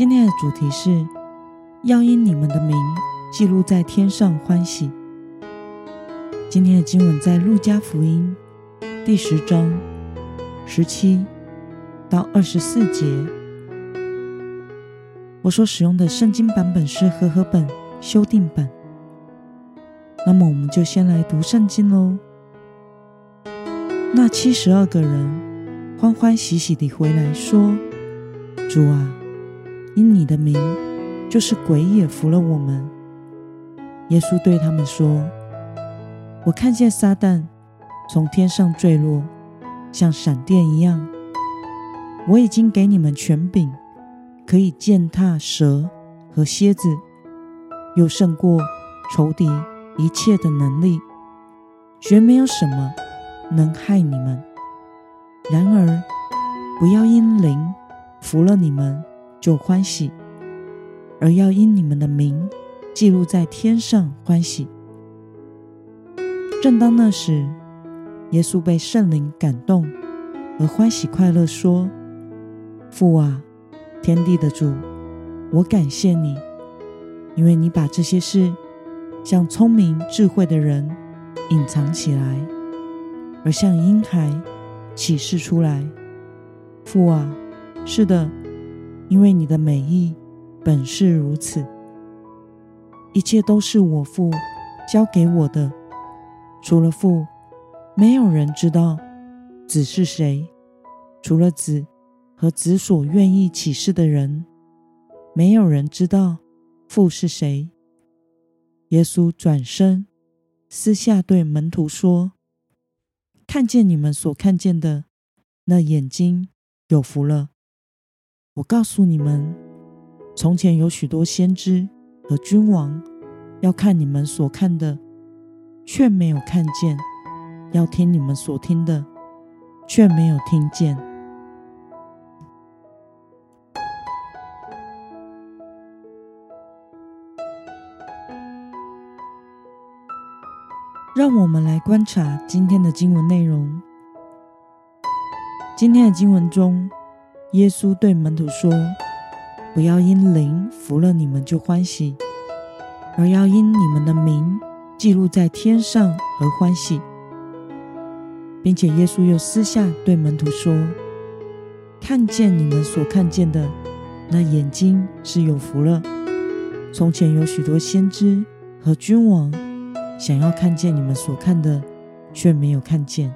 今天的主題是要因你們的名記錄在天上歡喜。今天的經文在《路加福音》第十章十七到二十四節。我所使用的聖經版本是和合本修訂版。那麼我們就先來讀聖經嘍。那七十二個人歡歡喜喜地回來說：“主啊！”因你的名，就是鬼也服了我們。耶穌對他們說：“我看見撒旦從天上墜落，像閃電一樣。我已經給你們權柄，可以踐踏蛇和蠍子，又勝過仇敵一切的能力。絕沒有什麼能害你們。然而，不要因靈服了你們。”就歡喜，而要因你們的名記錄在天上歡喜。正當那時，耶穌被聖靈感動而歡喜快樂，說：“父啊，天地的主，我感謝你，因為你把這些事向聰明智慧的人隱藏起來，而向嬰孩啟示出來。父啊，是的。”因為你的美意本是如此，一切都是我父交給我的。除了父，沒有人知道子是誰；除了子和子所願意啟示的人，沒有人知道父是誰。耶穌轉身，私下對門徒說：“看見你們所看見的，那眼睛有福了。”我告訴你們，從前有許多先知和君王，要看你們所看的，卻沒有看見；要聽你們所聽的，卻沒有聽見。讓我們來觀察今天的經文內容。今天的經文中，耶穌對門徒說：“不要因靈服了你們就歡喜，而要因你們的名記錄在天上而歡喜。”並且耶穌又私下對門徒說：“看見你們所看見的，那眼睛是有福了。從前有許多先知和君王想要看見你們所看的，卻沒有看見。”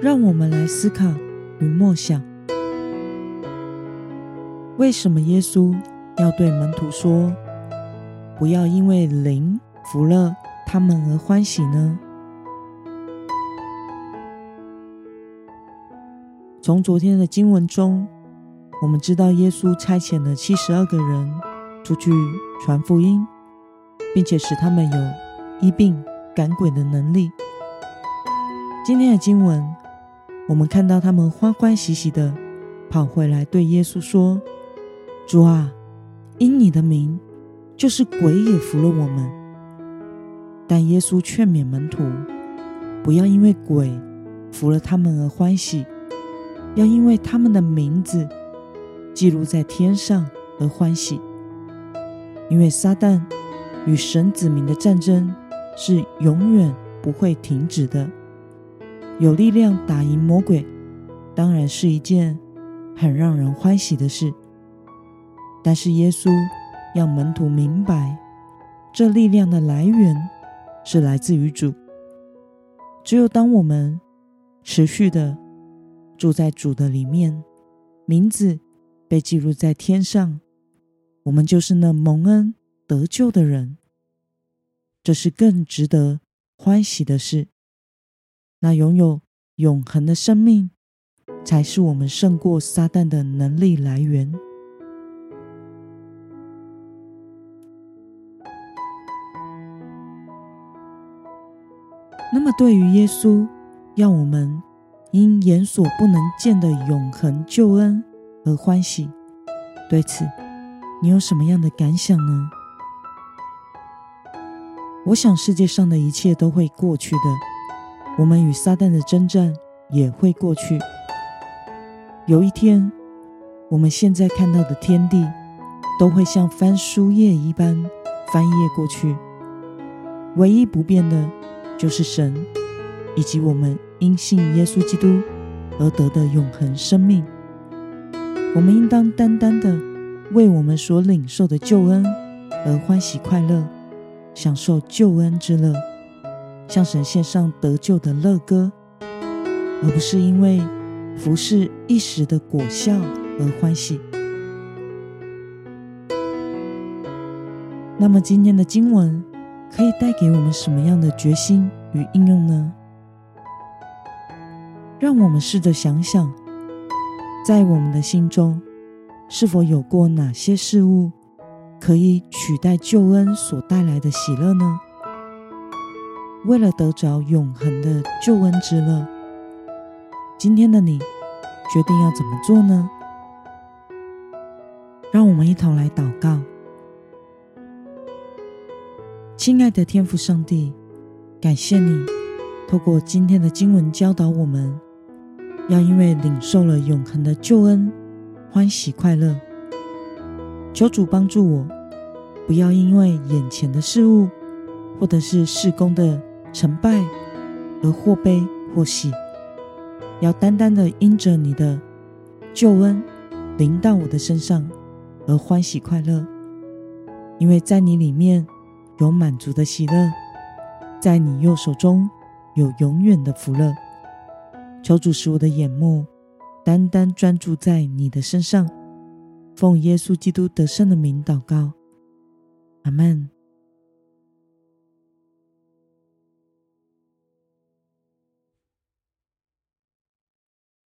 讓我們來思考與默想：為什麼耶穌要對門徒說，不要因為靈服了他們而歡喜呢？從昨天的經文中，我們知道耶穌差遣了七十二個人出去傳福音，並且使他們有醫病趕鬼的能力。今天的經文。我們看到他們歡歡喜喜的跑回來，對耶穌說：“主啊，因你的名，就是鬼也服了我們。”但耶穌勸勉門徒，不要因為鬼服了他們而歡喜，要因為他們的名字記錄在天上而歡喜，因為撒旦與神子民的戰爭是永遠不會停止的。有力量打贏魔鬼，當然是一件很讓人歡喜的事。但是耶穌要門徒明白，這力量的來源是來自於主。只有當我們持續的住在主的裡面，名字被記錄在天上，我們就是那蒙恩得救的人。這是更值得歡喜的事。那擁有永恆的生命，才是我們勝過撒旦的能力來源。那麼，對於耶穌，要我們因眼所不能見的永恆救恩而歡喜。對此，你有什麼樣的感想呢？我想，世界上的一切都會過去的。我們與撒旦的爭戰也會過去。有一天，我們現在看到的天地，都會像翻書頁一般翻頁過去。唯一不變的，就是神以及我們因信耶穌基督而得的永恆生命。我們應當單單的為我們所領受的救恩而歡喜快樂，享受救恩之樂。向神獻上得救的樂歌，而不是因為服事一時的果效而歡喜。那麼，今天的經文可以帶給我們什麼樣的決心與應用呢？讓我們試着想想，在我們的心中是否有過哪些事物可以取代救恩所帶來的喜樂呢？為了得着永恆的救恩之樂，今天的你決定要怎麼做呢？讓我們一同來禱告。親愛的天父上帝，感謝你透過今天的經文教導我們，要因為領受了永恆的救恩，歡喜快樂。求主幫助我，不要因為眼前的事物或者是事工的成敗，而或悲或喜，要單單的因着你的救恩臨到我的身上而歡喜快樂，因為在你裡面有滿足的喜樂，在你右手中有永遠的福樂。求主使我的眼目單單專注在你的身上，奉耶穌基督得勝的名禱告，阿門。